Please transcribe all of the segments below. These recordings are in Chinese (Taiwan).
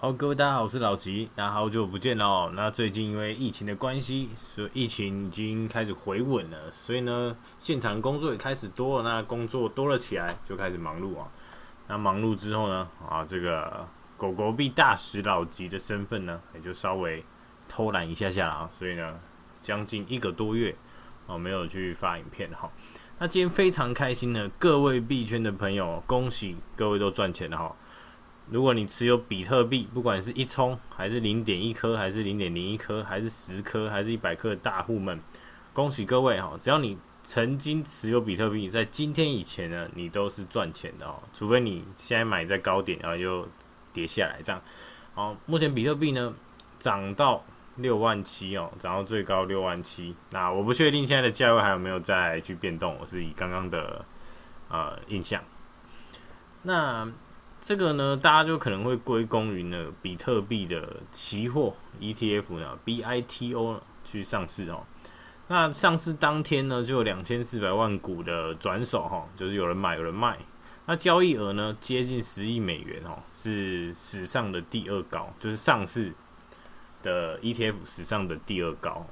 好、哦，各位大家好，我是老吉，那好久不見了哦。那最近因為疫情的關係，所以疫情已經開始回穩了，所以呢，現場工作也開始多了。那工作多了起來，就開始忙碌啊、哦。那忙碌之後呢，啊，這個狗狗幣大使老吉的身份呢，也就稍微偷懶一下下啦。啊。所以呢，將近一個多月啊、哦，沒有去發影片哈、哦。那今天非常開心呢，各位幣圈的朋友，恭喜各位都賺錢了哈、哦。如果你持有比特幣，不管是一沖還是零點一顆，還是零點零一顆，還是十顆，還是一百顆的大戶們，恭喜各位哈！只要你曾經持有比特幣，在今天以前呢，你都是賺錢的哦，除非你現在買在高點，然後又跌下來這樣。好，目前比特幣呢漲到六萬七哦，漲到最高六萬七。那我不確定現在的價位還有沒有再去變動，我是以剛剛的呃印象。那這個呢，大家就可能會歸功於呢，比特幣的期貨 ETF 呢，BITO 去上市哦。那上市當天呢，就有兩千四百萬股的轉手哈、哦，就是有人買有人賣。那交易額呢，接近十億美元哦，是史上的第二高，就是上市的 ETF 史上的第二高。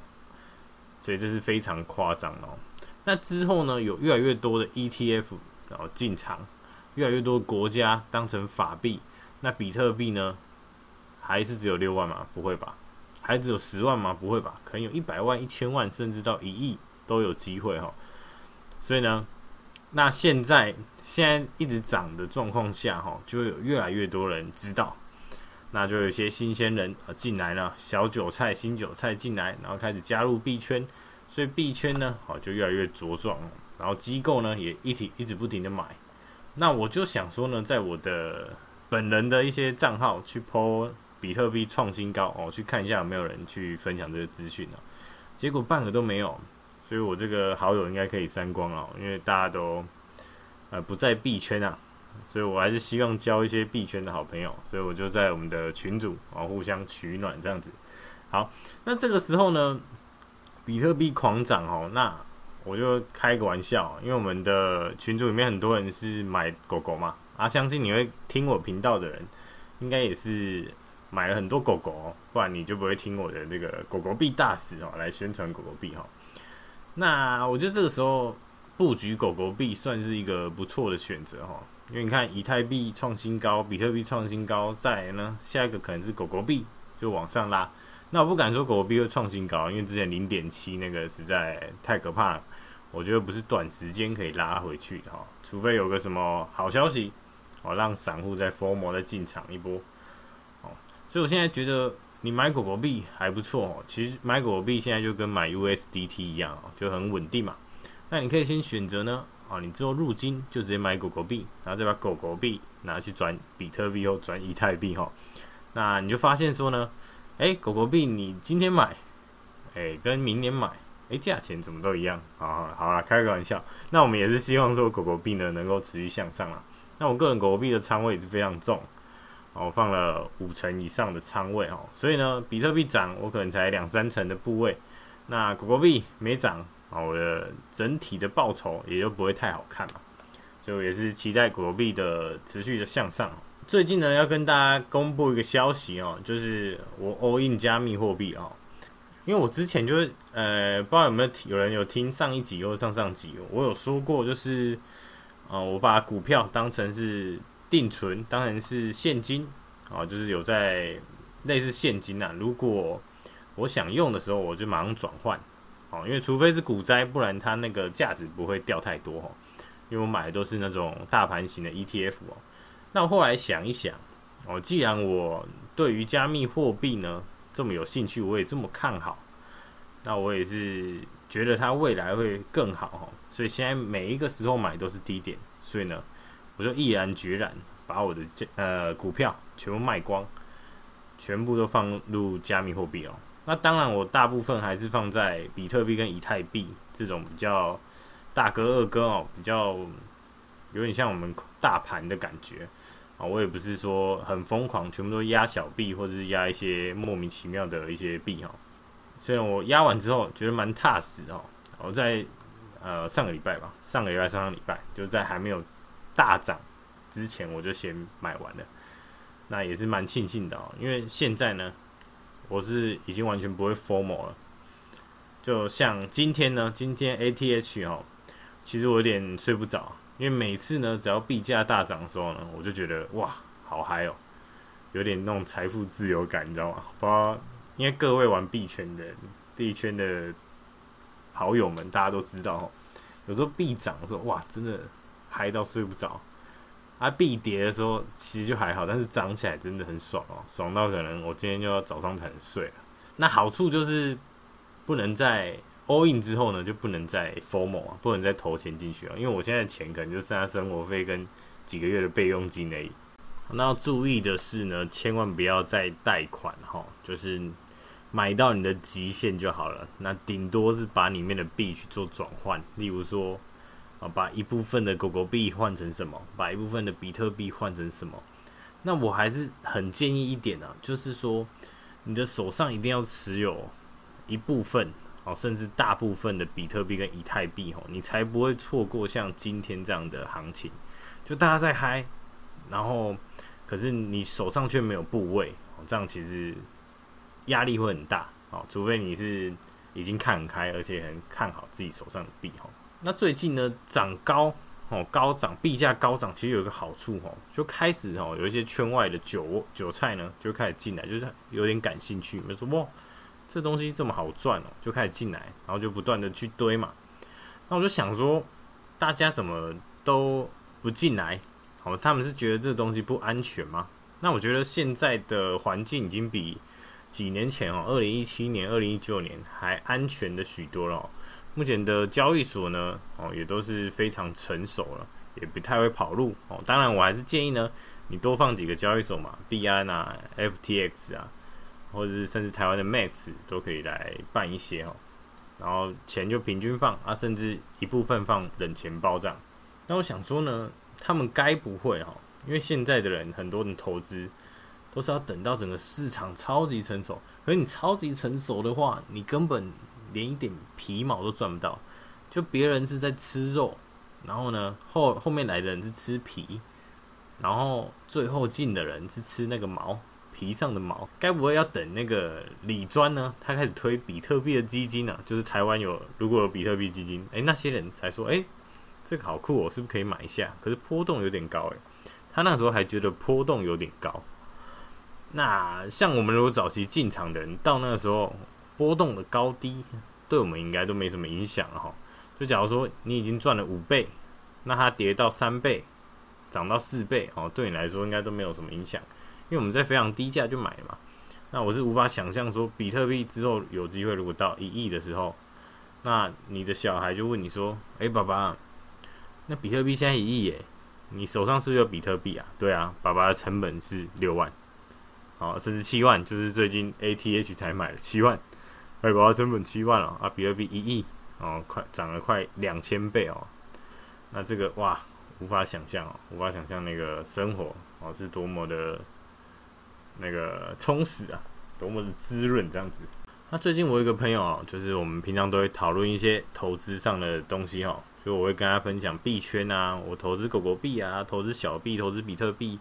所以這是非常誇張哦。那之後呢，有越來越多的 ETF 然後進場。越來越多國家當成法幣，那比特幣呢？還是只有六萬嗎？不會吧？還只有十萬嗎？不會吧？可能有一百萬、一千萬，甚至到一億都有機會哈、哦。所以呢，那現在現在一直漲的狀況下哈、哦，就會有越來越多人知道，那就有些新鮮人啊進來了，小韭菜、新韭菜進來，然後開始加入幣圈，所以幣圈呢，好就越來越茁壯，然後機構呢也一體一直不停的買。那我就想說呢，在我的本人的一些賬號去 po 比特幣創新高哦，去看一下有沒有人去分享這個資訊呢？結果半個都沒有，所以我這個好友應該可以刪光了、哦，因為大家都呃不在幣圈啊，所以我還是希望交一些幣圈的好朋友，所以我就在我們的群組啊、哦、互相取暖這樣子。好，那這個時候呢，比特幣狂漲哦，那。我就開個玩笑，因為我們的群組裡面很多人是買狗狗嘛，啊，相信你會聽我頻道的人，應該也是買了很多狗狗哦，不然你就不會聽我的這個狗狗幣大使哦來宣傳狗狗幣哈。那我覺得這個時候布局狗狗幣算是一個不錯的選擇哈，因為你看以太幣創新高，比特幣創新高，再來呢下一個可能是狗狗幣就往上拉。那我不敢說狗狗幣會創新高，因為之前零點七那個實在太可怕了。我覺得不是短時間可以拉回去的、哦、哈，除非有個什麼好消息，哦，讓散戶再 FOMO 再進場一波，哦，所以我現在覺得你買狗狗幣還不錯哦，其實買狗狗幣現在就跟買 USDT 一樣哦，就很穩定嘛。那你可以先選擇呢，哦，你之後入金就直接買狗狗幣，然後再把狗狗幣拿去轉比特幣或轉以太幣哈、哦，那你就發現說呢，哎、欸，狗狗幣你今天買，哎、欸，跟明年買。哎，價錢怎麼都一樣啊！好啦，開個玩笑。那我們也是希望說狗狗幣呢能夠持續向上啦、啊、那我個人狗，狗幣的倉位也是非常重，我、哦、放了五成以上的倉位哦。所以呢，比特幣漲我可能才兩三成的部位，那狗狗幣沒漲啊、哦，我的整體的報酬也就不會太好看嘛。就也是期待狗狗幣的持續的向上。最近呢，要跟大家公布一個消息哦，就是我 all in 加密貨幣哦。因為我之前就是呃，不知道有沒有有人有聽上一集或上上集，我有說過就是，啊、呃，我把股票當成是定存，當然是現金啊、呃，就是有在類似現金啊，如果我想用的時候，我就馬上轉換，啊、呃、因為除非是股災，不然它那個價值不會掉太多哈。因為我買的都是那種大盤型的 ETF 哦、呃。那我後來想一想哦、呃，既然我對於加密貨幣呢。這麼有興趣，我也這麼看好，那我也是覺得它未來會更好，所以現在每一個時候買都是低點，所以呢，我就毅然決然把我的呃股票全部賣光，全部都放入加密貨幣哦。那當然，我大部分還是放在比特幣跟以太幣這種比較大哥二哥哦、喔，比較有點像我們大盤的感覺。啊，我也不是說很瘋狂，全部都壓小幣，或者是壓一些莫名其妙的一些幣哈。雖然我壓完之後覺得蠻踏實哦，我在呃上個禮拜吧，上個禮拜上個禮拜就在還沒有大漲之前，我就先買完了，那也是蠻慶幸的，因為現在呢，我是已經完全不會 FOMO 了。就像今天呢，今天 ATH 哈，其實我有點睡不着。因為每次呢，只要幣價大漲的時候呢，我就覺得哇，好嗨哦，有點那種財富自由感，你知道嗎？不知道因為各位玩幣圈的幣圈的好友們，大家都知道哦，有時候幣漲的時候，哇，真的嗨到睡不着；啊，幣跌的時候其實就還好，但是漲起來真的很爽哦，爽到可能我今天就要早上才能睡。那好處就是不能再。all in 之後呢，就不能再 FOMO 啊，不能再投錢進去了，啊，因為我現在的錢可能就剩下生活費跟幾個月的備用金而已。那要注意的是呢，千萬不要再貸款哈，就是買到你的極限就好了。那頂多是把裡面的幣去做轉換，例如說啊，把一部分的狗狗幣換成什麼，把一部分的比特幣換成什麼。那我還是很建議一點呢，啊，就是說你的手上一定要持有一部分。哦，甚至大部分的比特幣跟以太幣哦，你才不會錯過像今天這樣的行情。就大家在嗨，然後可是你手上卻沒有部位這樣，其實壓力會很大，除非你是已經看很開，而且很看好自己手上的幣。那最近呢，漲高哦，高漲幣價高漲，其實有一個好處哦，就開始哦，有一些圈外的韭韭菜呢就開始進來，就是有點感興趣，你們說這東西這麼好賺哦，就開始進來，然後就不斷的去堆嘛。那我就想說，大家怎麼都不進來？哦，他們是覺得這東西不安全嗎？那我覺得現在的環境已經比幾年前哦，二零一七年、二零一九年還安全的許多了哦。目前的交易所呢，哦，也都是非常成熟了，也不太會跑路哦。當然，我還是建議呢，你多放幾個交易所嘛，幣安啊，FTX 啊。或者是甚至台灣的 Max 都可以來辦一些哦、喔，然後錢就平均放啊，甚至一部分放冷錢包這樣。那我想說呢，他們該不會哈、喔，因為現在的人很多人投資都是要等到整個市場超級成熟，可是你超級成熟的話，你根本連一點皮毛都賺不到。就別人是在吃肉，然後呢後後面來的人是吃皮，然後最後進的人是吃那個毛。皮上的毛，該不會要等那個李專呢？他開始推比特幣的基金呢、啊，就是台灣有如果有比特幣基金，誒、欸，那些人才說，誒、欸，這個好酷、喔，我是不是可以買一下？可是波動有點高、欸，誒，他那時候還覺得波動有點高。那像我們如果早期進場的人，到那個時候波動的高低，對我們應該都沒什麼影響了哈。就假如說你已經賺了五倍，那它跌到三倍，漲到四倍、喔，哦，對你來說應該都沒有什麼影響。因為我們在非常低價就買了嘛，那我是無法想象說比特幣之後有機會，如果到一億的時候，那你的小孩就問你說：“誒、欸，爸爸，那比特幣現在一億耶？你手上是不是有比特幣啊？”“對啊，爸爸的成本是六萬，哦，甚至七萬，就是最近 ATH 才買了七萬。哎，爸爸成本七萬了、哦、啊，比特幣一億哦，快漲了快兩千倍哦。那這個哇，無法想象哦，無法想象那個生活哦是多麼的。”那個充實啊，多麼的滋潤這樣子。那最近我有一個朋友啊、喔，就是我們平常都會討論一些投資上的東西哈、喔，所以我會跟他分享幣圈啊，我投資狗狗幣啊，投資小幣，投資比特幣，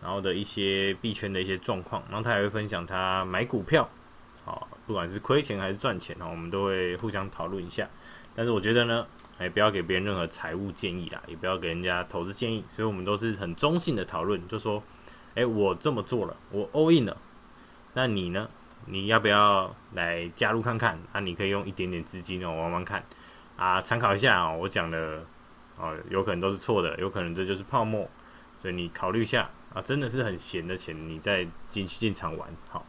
然後的一些幣圈的一些狀況。然後他也會分享他買股票，好、喔，不管是虧錢還是賺錢啊、喔，我們都會互相討論一下。但是我覺得呢，哎，不要給別人任何財務建議啦，也不要給人家投資建議，所以我們都是很中性的討論，就說。誒、欸，我這麼做了，我 all in 了。那你呢？你要不要來加入看看？啊，你可以用一點點資金哦，玩玩看，啊，參考一下啊、哦，我講的哦、啊，有可能都是錯的，有可能這就是泡沫，所以你考慮一下啊。真的是很閒的錢，你再進去進場玩好。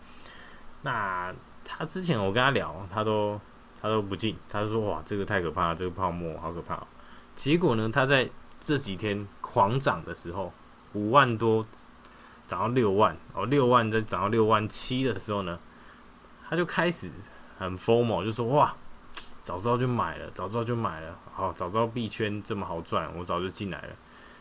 那他之前我跟他聊，他都他都不進，他說哇，這個太可怕了，這個泡沫好可怕、哦。結果呢，他在這幾天狂漲的時候，五萬多。漲到六萬哦，六萬再漲到六萬七的時候呢，他就開始很 FOMO，就說：“哇，早知道就買了，早知道就買了。”好，早知道幣圈這麼好賺，我早就進來了。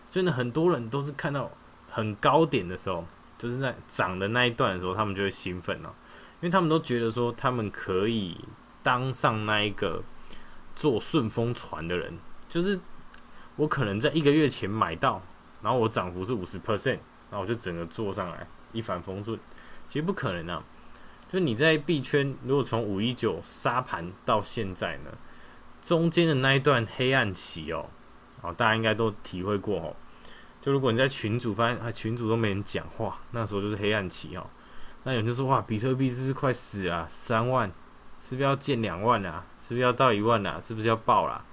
真的很多人都是看到很高點的時候，就是在漲的那一段的時候，他們就會興奮了，因為他們都覺得說，他們可以當上那一個坐順風船的人，就是我可能在一個月前買到，然後我漲幅是五十 percent。那我就整個坐上來一帆風順，其實不可能啊！就你在幣圈，如果從五一九殺盤到現在呢，中間的那一段黑暗期哦，哦，大家應該都體會過哦。就如果你在群組發現啊，群組都沒人講話，那時候就是黑暗期哦。那有人就說：“哇，比特幣是不是快死了啊？三萬是不是要見兩萬了、啊？是不是要到一萬了、啊？是不是要爆啦、啊？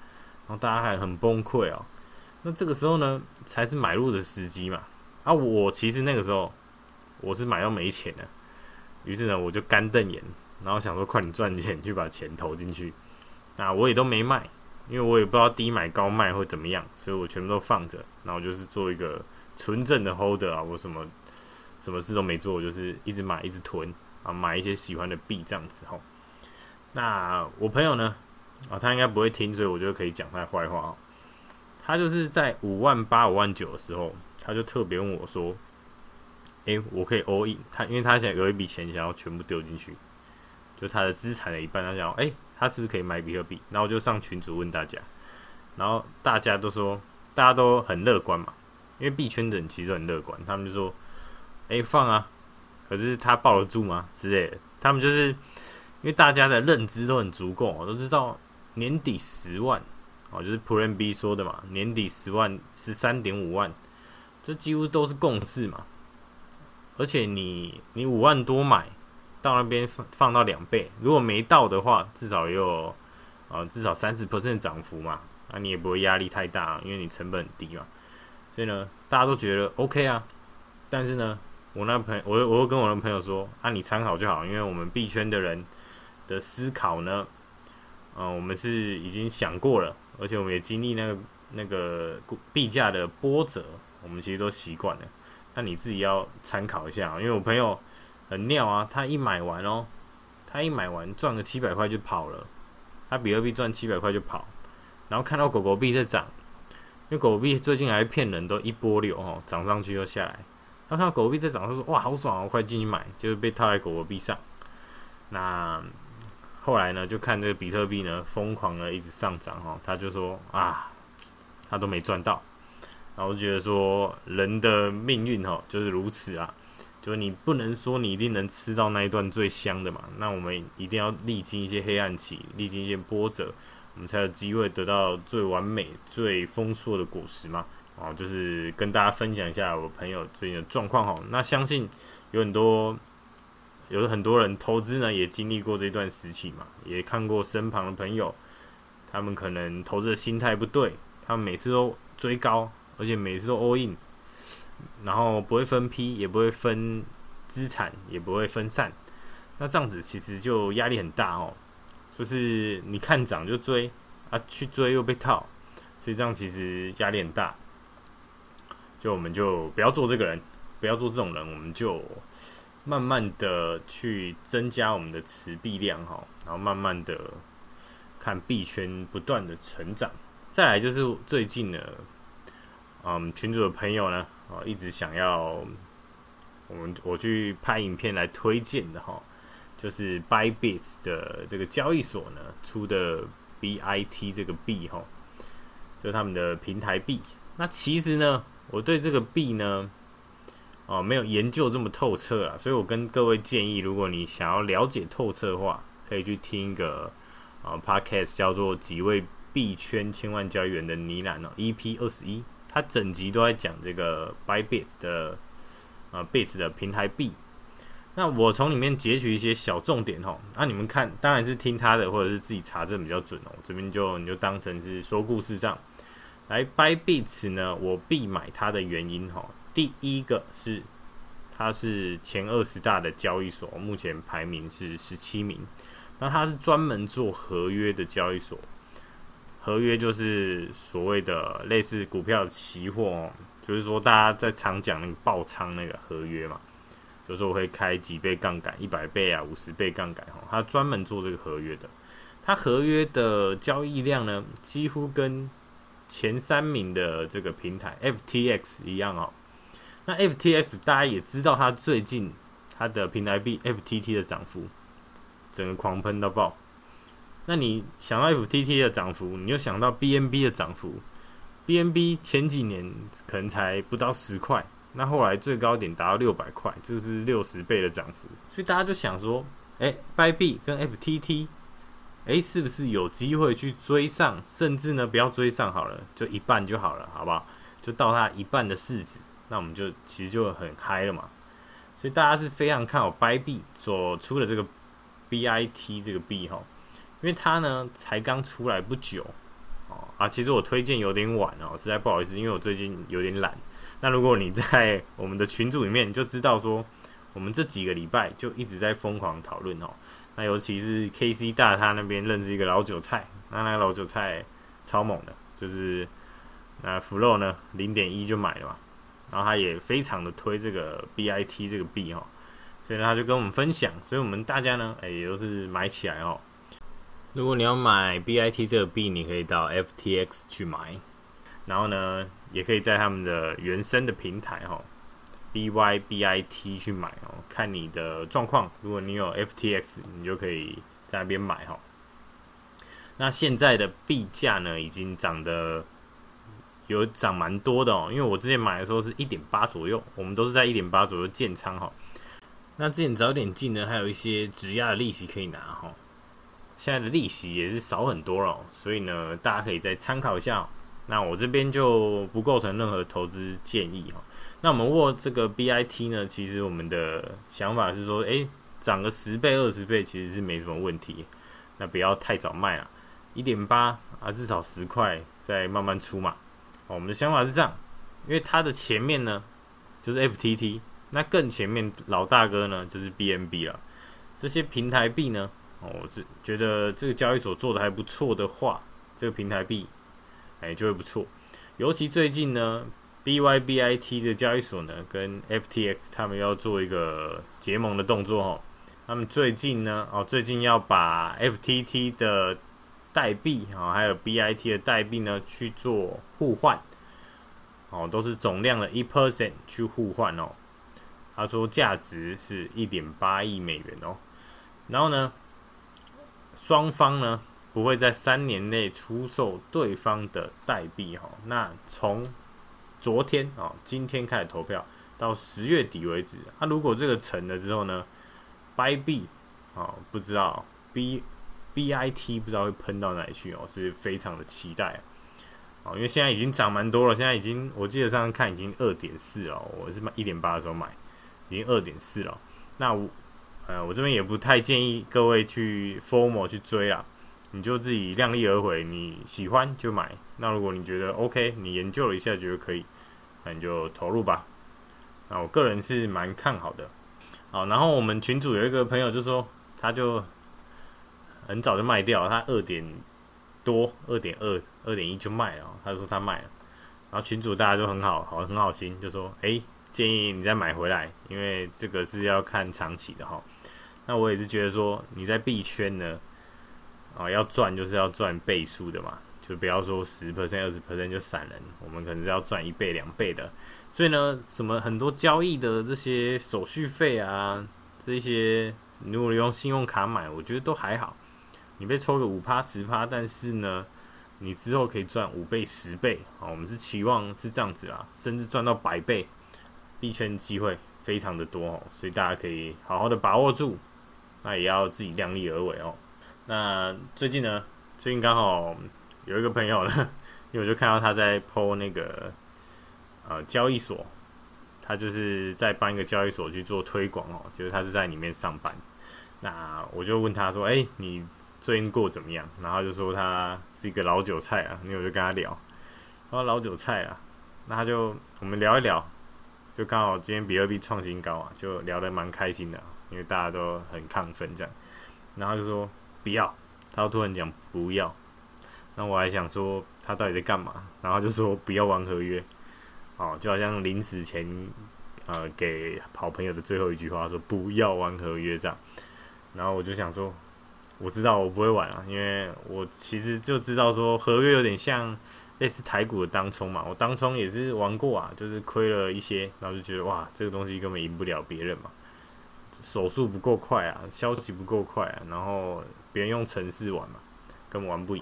然後大家還很崩潰哦。那這個時候呢，才是買入的時機嘛。啊，我其實那個時候我是買到沒錢的啊，於是呢，我就乾瞪眼，然後想說快點賺錢去把錢投進去。那我也都沒賣，因為我也不知道低買高賣會怎麼樣，所以我全部都放着。然後就是做一個純正的 holder 啊，我什麼什麼事都沒做，我就是一直買一直囤啊，買一些喜歡的幣這樣子吼。那我朋友呢啊，他應該不會聽，所以我就可以講他壞話。他就是在五萬八、五萬九的時候。他就特別問我說：“誒、欸，我可以 all in 他，因為他想有一筆錢想要全部丟進去，就他的資產的一半。他想，要，誒，他是不是可以買比特幣？然後我就上群組問大家，然後大家都說，大家都很樂觀嘛，因為幣圈的人其實很樂觀。他們就說：‘誒、欸，放啊！’可是他抱得住嗎？之類的。他們就是因為大家的認知都很足夠，我都知道年底十萬哦，就是 Plan B 說的嘛，年底十萬十三點五萬。萬”這幾乎都是共識嘛，而且你你五萬多買，到那邊放、放到兩倍，如果沒到的話，至少也有啊、呃、至少三十 percent 漲幅嘛，那、啊、你也不會壓力太大，因為你成本很低嘛，所以呢大家都覺得 OK 啊，但是呢我那朋友我我又跟我的朋友說，啊你參考就好，因為我們幣圈的人的思考呢，嗯、呃、我們是已經想過了，而且我們也經歷那個那個幣價的波折。我們其實都習慣了，但你自己要參考一下、喔、因為我朋友很尿啊，他一買完哦、喔，他一買完賺個七百塊就跑了，他比特幣賺七百塊就跑，然後看到狗狗幣在漲，因為狗狗幣最近還騙人都一波流哦、喔，漲上去又下來，他看到狗狗幣在漲，他說哇好爽、喔、快進去買，就是被套在狗狗幣上。那後來呢，就看這個比特幣呢瘋狂的一直上漲哦、喔，他就說啊，他都沒賺到。然後覺得說，人的命運哦，就是如此啊，就是你不能說你一定能吃到那一段最香的嘛。那我們一定要歷經一些黑暗期，歷經一些波折，我們才有機會得到最完美、最豐碩的果實嘛。啊，就是跟大家分享一下我的朋友最近的狀況哦。那相信有很多，有很多人投資呢，也經歷過這段時期嘛，也看過身旁的朋友，他們可能投資的心態不對，他們每次都追高。而且每次都 all in，然後不會分批，也不會分資產，也不會分散。那這樣子其實就壓力很大哦，就是你看漲就追啊，去追又被套，所以這樣其實壓力很大。就我們就不要做這個人，不要做這種人，我們就慢慢的去增加我們的持幣量哈，然後慢慢的看幣圈不斷的成長。再來就是最近呢。嗯，um, 群主的朋友呢，啊、哦，一直想要我們我去拍影片來推薦的哈，就是 Bybit 的這個交易所呢出的 BIT 這個幣哈，就是他們的平台幣。那其實呢，我對這個幣呢，啊、哦，沒有研究這麼透徹啊，所以我跟各位建議，如果你想要了解透徹的話，可以去聽一個啊、哦、Podcast 叫做《幾位幣圈千萬交易員的呢喃、哦》哦，EP 二十一。他整集都在講這個 Bybit 的呃 bit 的平台幣，那我從裡面截取一些小重點吼、哦，那、啊、你們看當然是聽他的或者是自己查證比較準哦。這邊就你就當成是說故事上來 Bybit 呢，我必買它的原因吼、哦，第一個是它是前二十大的交易所，目前排名是十七名，那它是專門做合約的交易所。合約就是所謂的類似股票的期貨，喔，就是說大家在常講那個爆倉那個合約嘛，就是說我會開幾倍槓桿，一百倍啊，五十倍槓桿，哦，他專門做這個合約的，他合約的交易量呢，幾乎跟前三名的這個平台 FTX 一樣哦。那 FTX 大家也知道，他最近他的平台幣 FTT 的漲幅，整個狂噴到爆。那你想到 F T T 的漲幅，你就想到 B N B 的漲幅。B N B 前幾年可能才不到十塊，那後來最高點達到六百塊，就是六十倍的漲幅。所以大家就想說，哎，Bybit 跟 F T T，哎，是不是有機會去追上？甚至呢，不要追上好了，就一半就好了，好不好？就到它一半的市值，那我們就其實就很嗨了嘛。所以大家是非常看好 Bybit 所出的這個 B I T 這個幣哈。因為他呢才剛出來不久，哦啊，其實我推薦有點晚哦，實在不好意思，因為我最近有點懶。那如果你在我們的群組裡面，你就知道說，我們這幾個禮拜就一直在瘋狂討論哦。那尤其是 K C 大他那邊認識一個老韭菜，那那個老韭菜超猛的，就是那 Flow 呢零點一就買了嘛，然後他也非常的推這個 B I T 這個幣哦，所以他就跟我們分享，所以我們大家呢，哎、欸、也都是買起來哦。如果你要買 B I T 這個幣，你可以到 F T X 去買，然後呢，也可以在他們的原生的平台吼、喔、B Y B I T 去買哦、喔。看你的狀況，如果你有 F T X，你就可以在那邊買哈、喔。那現在的幣價呢，已經漲得有漲蠻多的哦、喔。因為我之前買的時候是一點八左右，我們都是在一點八左右建倉哈、喔。那之前早點進呢，還有一些質押的利息可以拿哈、喔。現在的利息也是少很多了、哦，所以呢，大家可以再參考一下、哦。那我這邊就不構成任何投資建議哦。那我們握這個 B I T 呢，其實我們的想法是說，誒，漲個十倍、二十倍其實是沒什麼問題。那不要太早賣啊，一點八啊，至少十塊再慢慢出嘛、哦。我們的想法是這樣，因為它的前面呢就是 F T T，那更前面老大哥呢就是 B N B 了，這些平台幣呢。哦，我只覺得這個交易所做的還不錯的話，這個平台幣哎、欸、就會不錯。尤其最近呢，BYBIT 的交易所呢跟 FTX 他們要做一個結盟的動作哦。他們最近呢哦，最近要把 FTT 的代幣啊、哦，還有 BIT 的代幣呢去做互換哦，都是總量的一 percent 去互換哦。他說價值是一點八億美元哦，然後呢？雙方呢不會在三年內出售對方的代幣哈、哦，那從昨天啊、哦，今天開始投票到十月底為止，那、啊、如果這個成了之後呢，掰幣啊、哦、不知道 B B I T 不知道會噴到哪裡去哦，是，是非常的期待、啊、哦，因為現在已經漲蠻多了，現在已經我記得上次看已經二點四了、哦，我是買一點八的時候買，已經二點四了、哦，那。呃，我這邊也不太建議各位去 FOMO 去追啊，你就自己量力而為，你喜歡就買。那如果你覺得 OK，你研究了一下覺得可以，那你就投入吧。那我個人是蠻看好的。好，然後我們群主有一個朋友就說，他就很早就賣掉，他二點多、二點二、二點一就賣了、喔。他就說他賣了，然後群主大家就很好、好、很好，好，好心，就說：哎、欸，建議你再買回來，因為這個是要看長期的哈、喔。那我也是覺得說，你在幣圈呢，啊，要賺就是要賺倍數的嘛，就不要說十 percent、二十 percent 就閃人，我們可能是要賺一倍、兩倍的。所以呢，什麼很多交易的這些手續費啊，這些你如果你用信用卡買，我覺得都還好。你被抽個五趴、十趴，但是呢，你之後可以賺五倍、十倍啊，我們是期望是這樣子啦，甚至賺到百倍。幣圈機會非常的多哦，所以大家可以好好的把握住。那也要自己量力而為哦。那最近呢？最近剛好有一個朋友呢，因為我就看到他在 po 那個呃交易所，他就是在幫一個交易所去做推廣哦，就是他是在裡面上班。那我就問他說：“哎、欸，你最近過得怎麼樣？”然後就說他是一個老韭菜啊。那我就跟他聊，說他說老韭菜啊，那他就我們聊一聊，就剛好今天比特幣創新高啊，就聊得蠻開心的、啊。因為大家都很亢奮這樣，然後就說不要，他突然講不要，那我還想說他到底在幹嘛？然後就說不要玩合約，哦，就好像臨死前呃給好朋友的最後一句話說不要玩合約這樣，然後我就想說我知道我不會玩啊，因為我其實就知道說合約有點像類似台股的當沖嘛，我當沖也是玩過啊，就是虧了一些，然後就覺得哇這個東西根本贏不了別人嘛。手速不夠快啊，消息不夠快啊，然後別人用程式玩嘛，根本玩不贏。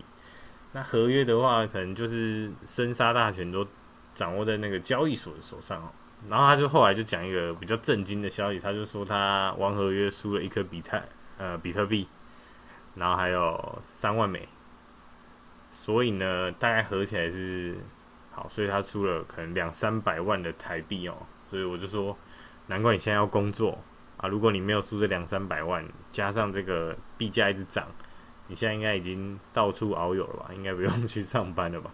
那合約的話，可能就是生殺大權都掌握在那個交易所的手上哦。然後他就後來就講一個比較震驚的消息，他就說他玩合約輸了一顆比特，呃，比特幣，然後還有三萬美，所以呢，大概合起來是好，所以他輸了可能兩三百萬的台幣哦。所以我就說，難怪你現在要工作。啊，如果你沒有輸這兩三百萬，加上這個幣價一直漲，你現在應該已經到處遨遊了吧？應該不用去上班了吧？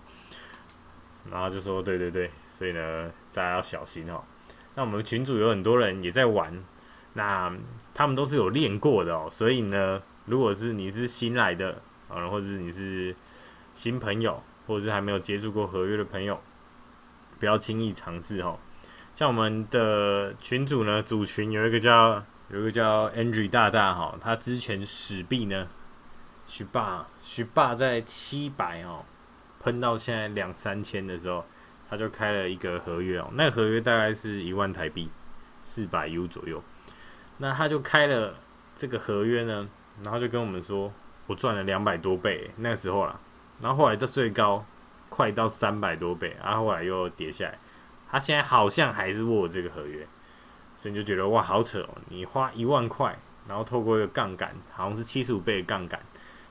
然後就說，對對對，所以呢，大家要小心哦。那我們群組有很多人也在玩，那他們都是有練過的哦、喔。所以呢，如果是你是新來的啊，或者是你是新朋友，或者是還沒有接觸過合約的朋友，不要輕易嘗試哦。像我們的群主呢，主群有一個叫有一個叫 Andre 大大哈，他之前史幣呢，徐霸徐霸在七百哦，噴到現在兩三千的時候，他就開了一個合約哦、喔，那個、合約大概是一萬台幣四百 U 左右，那他就開了這個合約呢，然後就跟我們說，我賺了兩百多倍那時候啦，然後後來的最高快到三百多倍，然、啊、後後來又跌下來。他現在好像還是握這個合約，所以你就覺得哇，好扯哦！你花一萬塊，然後透過一個槓桿，好像是七十五倍的槓桿，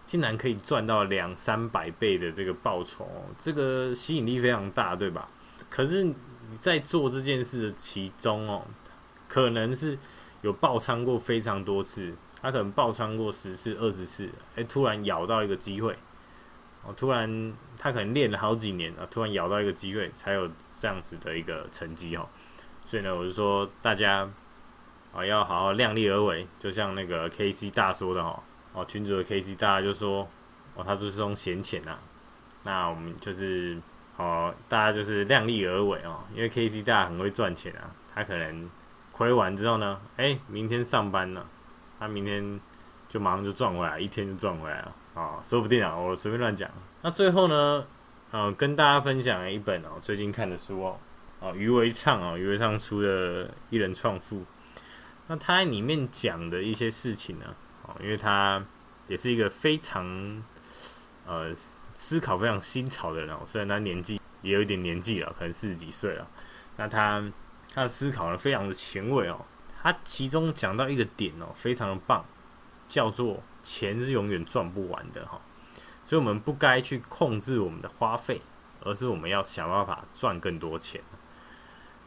竟然可以賺到兩三百倍的這個報酬哦，這個吸引力非常大，對吧？可是你在做這件事的其中哦，可能是有爆倉過非常多次，他、啊、可能爆倉過十次、二十次，誒、欸，突然咬到一個機會。我突然，他可能練了好幾年啊，突然咬到一個機會，才有這樣子的一個成績哦。所以呢，我就說大家啊要好好量力而為，就像那個 KC 大說的哦哦、啊、群主的 KC 大家就說哦、啊、他就是用閒錢啊，那我們就是哦、啊、大家就是量力而為哦，因為 KC 大家很會賺錢啊，他可能虧完之後呢，哎、欸，明天上班了，他明天就馬上就賺回來，一天就賺回來了、啊。啊、哦，說不定啊，我隨便亂講。那最後呢，呃，跟大家分享一本哦，最近看的書哦，哦，於為暢哦，於為暢出的《一人創富》。那他裡面講的一些事情呢，哦，因為他也是一個非常，呃，思考非常新潮的人哦，雖然他年紀也有一點年紀了，可能四十幾歲了，那他他的思考呢，非常的前衛哦。他其中講到一個點哦，非常的棒。叫做錢是永遠賺不完的哈、哦，所以，我們不該去控制我們的花費，而是我們要想辦法賺更多錢。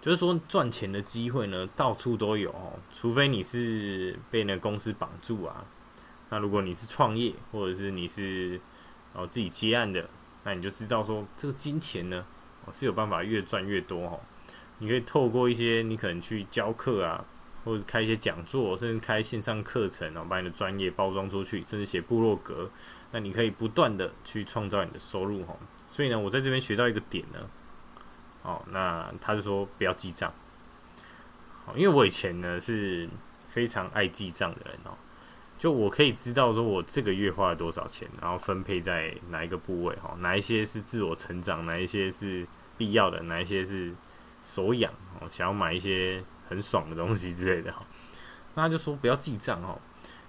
就是說，賺錢的機會呢，到處都有哦，除非你是被那公司綁住啊。那如果你是創業，或者是你是哦自己接案的，那你就知道說，這個金錢呢，是有辦法越賺越多哈、哦。你可以透過一些你可能去教課啊。或者開一些講座，甚至開線上課程，然後把你的專業包裝出去，甚至寫部落格，那你可以不斷的去創造你的收入哈。所以呢，我在這邊學到一個點呢，哦，那他就說不要記賬，因為我以前呢是非常愛記賬的人哦，就我可以知道說我這個月花了多少錢，然後分配在哪一個部位哈，哪一些是自我成長，哪一些是必要的，哪一些是手癢哦，想要買一些。很爽的東西之類的，哈，那他就說不要記賬哦，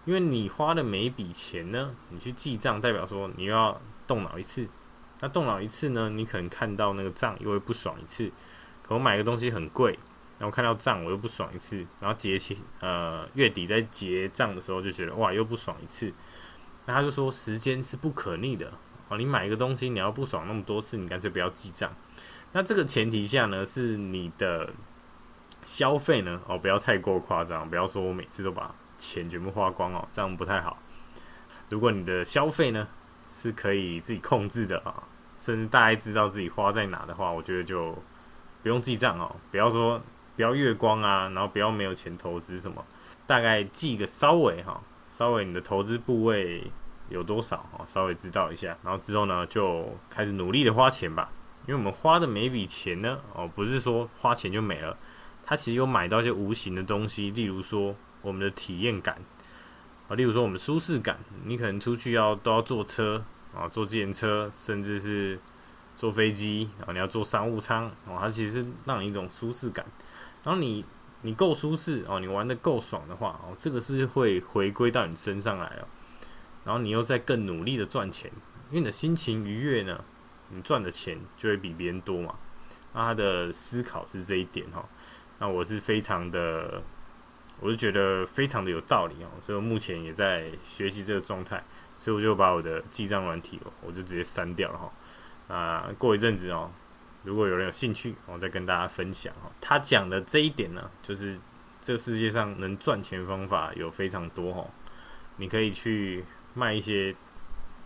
因為你花的每一筆錢呢，你去記賬代表說你又要動腦一次，那動腦一次呢，你可能看到那個賬又會不爽一次。可能買個東西很貴，然後看到賬我又不爽一次，然後結清呃月底再結賬的時候就覺得哇又不爽一次。那他就說時間是不可逆的啊，你買一個東西你要不爽那麼多次，你乾脆不要記賬。那這個前提下呢，是你的。消費呢，哦，不要太過誇張，不要說我每次都把錢全部花光哦，這樣不太好。如果你的消費呢是可以自己控制的啊、哦，甚至大概知道自己花在哪的話，我覺得就不用記賬哦，不要說不要月光啊，然後不要沒有錢投資什麼，大概記個稍微哈、哦，稍微你的投資部位有多少啊、哦，稍微知道一下，然後之後呢就開始努力的花錢吧，因為我們花的每筆錢呢，哦，不是說花錢就沒了。他其實有買到一些無形的東西，例如說我們的體驗感啊，例如說我們舒適感。你可能出去要都要坐車啊，坐自行車，甚至是坐飛機啊，你要坐商務艙哦、啊。它其實是讓你一種舒適感。然後你你夠舒適哦、啊，你玩得夠爽的話哦、啊，這個是會回歸到你身上來哦、啊。然後你又在更努力的賺錢，因為你的心情愉悅呢，你賺的錢就會比別人多嘛。那他的思考是這一點哈。啊那我是非常的，我是覺得非常的有道理哦，所以我目前也在學習這個狀態，所以我就把我的記賬軟體哦，我就直接刪掉了哈、哦。啊，過一陣子哦，如果有人有興趣，我再跟大家分享哦。他講的這一點呢，就是這個世界上能賺錢方法有非常多哈、哦，你可以去賣一些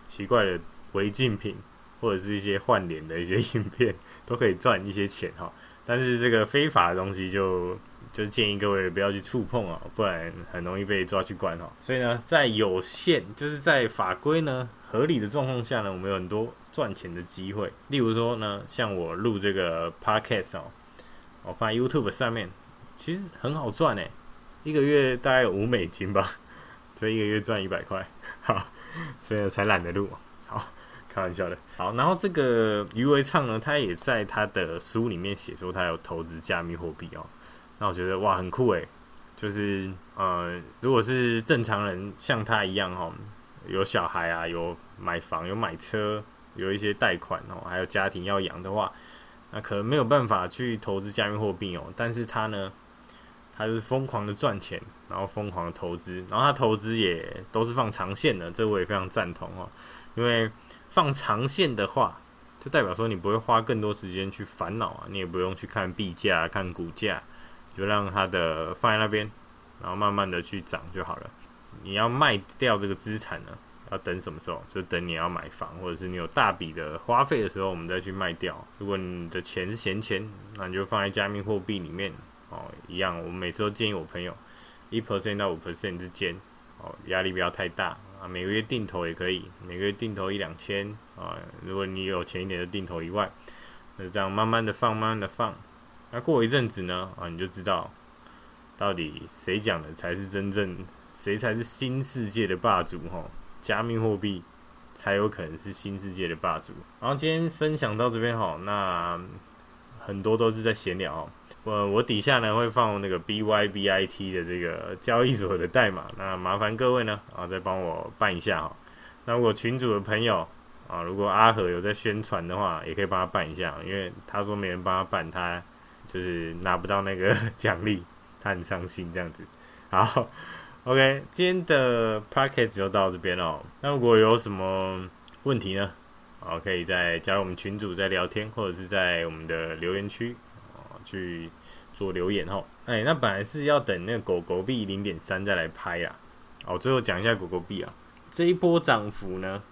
奇怪的違禁品，或者是一些換臉的一些影片，都可以賺一些錢哈、哦。但是這個非法的東西就就建議各位不要去觸碰啊、喔，不然很容易被抓去關哦、喔。所以呢，在有限就是在法規呢合理的狀況下呢，我們有很多賺錢的機會。例如說呢，像我錄這個 Podcast 哦、喔，我放在 YouTube 上面其實很好賺誒、欸，一個月大概有五美金吧，所以一個月賺一百塊，好，所以才懶得錄，好。開玩笑的，好，然後這個於為暢呢，他也在他的書裡面寫說他有投資加密貨幣哦，那我覺得哇很酷誒。就是呃，如果是正常人像他一樣哦、喔，有小孩啊，有買房，有買車，有一些貸款哦、喔，還有家庭要養的話，那可能沒有辦法去投資加密貨幣哦，但是他呢，他就是瘋狂的賺錢，然後瘋狂的投資，然後他投資也都是放長線的，這我也非常贊同哦、喔，因為。放長線的話，就代表說你不會花更多時間去煩惱啊，你也不用去看幣價、看股價，就讓它的放在那邊，然後慢慢的去漲就好了。你要賣掉這個資產呢，要等什麼時候？就等你要買房，或者是你有大筆的花費的時候，我們再去賣掉。如果你的錢是閒錢，那你就放在加密貨幣裡面哦，一樣。我每次都建議我朋友一 percent 到五 percent 之間哦，壓力不要太大。啊、每個月定投也可以，每個月定投一兩千啊。如果你有錢一點，的定投一萬，就這樣慢慢的放，慢慢的放。那過一陣子呢，啊，你就知道到底誰講的才是真正，誰才是新世界的霸主？哈、哦，加密貨幣才有可能是新世界的霸主。然後今天分享到這邊，哈、哦，那很多都是在閒聊。呃、嗯，我底下呢會放那個 BYBIT 的這個交易所的代碼，那麻煩各位呢啊，再幫我辦一下哈。那如果群組的朋友啊，如果阿和有在宣傳的話，也可以幫他辦一下，因為他說沒人幫他辦他，他就是拿不到那個獎勵，他很傷心這樣子。好，OK，今天的 Podcast 就到這邊哦。那如果有什麼問題呢，啊，可以再加入我們群組再聊天，或者是在我們的留言區。去做留言哦，哎、欸，那本來是要等那狗狗幣零點三再來拍啊。哦，最後講一下狗狗幣啊，這一波漲幅呢，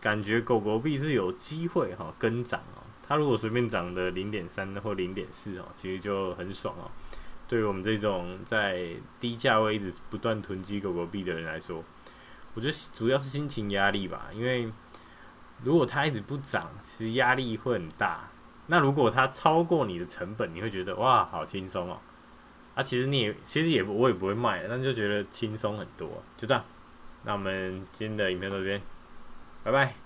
感覺狗狗幣是有機會哈跟漲哦。它如果隨便漲的零點三或零點四哦，其實就很爽哦。對於我們這種在低價位一直不斷囤積狗狗幣的人來說，我覺得主要是心情壓力吧，因為如果它一直不漲，其實壓力會很大。那如果它超過你的成本，你會覺得哇，好輕鬆哦！啊，其實你也，其實也，我也不會賣，但就覺得輕鬆很多，就這樣。那我們今天的影片到這邊，拜拜。